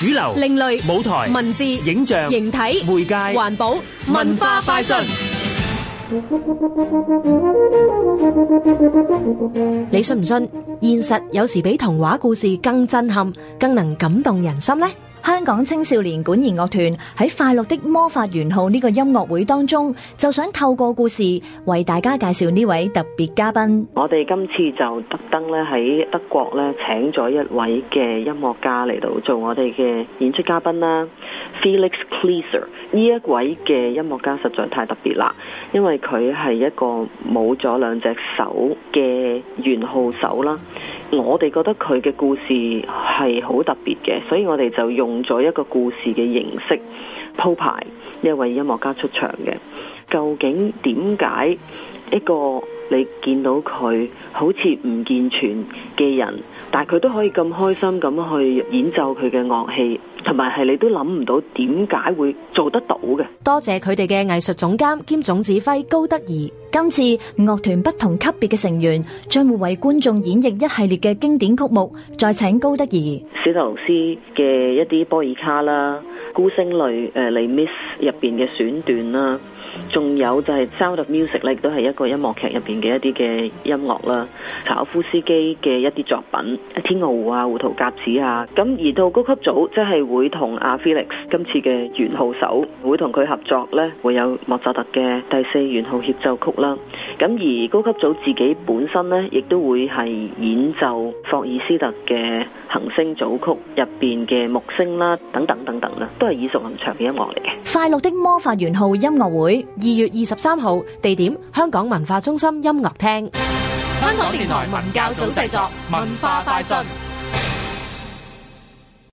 主流、另類、舞台、文字、影像、形體、媒介、環保、文化快訊，你信唔信？現實有時比童話故事更震撼，更能感動人心咧。香港青少年管弦樂團喺《快樂的魔法圓號》呢個音樂會當中，就想透過故事為大家介紹呢位特別嘉賓。我哋今次就特登咧喺德國咧，請咗一位嘅音樂家嚟到做我哋嘅演出嘉賓啦。Felix Klieser 呢一位嘅音樂家實在太特別啦，因為佢係一個冇咗兩隻手嘅圓號手啦。我哋覺得佢嘅故事係好特別嘅，所以我哋就用咗一個故事嘅形式鋪排呢位音樂家出場嘅。究竟點解一個你到見到佢好似唔健全嘅人，但係佢都可以咁開心咁去演奏佢嘅樂器？同埋係你都諗唔到點解會做得到嘅。多謝佢哋嘅藝術總監兼總指揮高德儀。今次樂團不同級別嘅成員將會為觀眾演繹一系列嘅經典曲目。再請高德儀，小提琴嘅一啲波爾卡啦。孤星淚，誒 Les Mis 入邊嘅選段啦，仲有就係、是《Sound of Music》咧，都係一個音樂劇入邊嘅一啲嘅音樂啦。柴可夫斯基嘅一啲作品，《天鵝湖》啊，《胡桃夾子》啊，咁而到高級組，即係會同阿 Felix 今次嘅圓號手，會同佢合作呢，會有莫扎特嘅第四圓號協奏曲啦。咁而高級組自己本身呢，亦都會係演奏霍爾斯特嘅《行星組曲》入邊嘅木星啦，等等等等啦，都係耳熟能詳嘅音樂嚟嘅。快樂的魔法圓號音樂會，二月二十三號，地點香港文化中心音樂廳。香港電台文教組製作，文化快訊。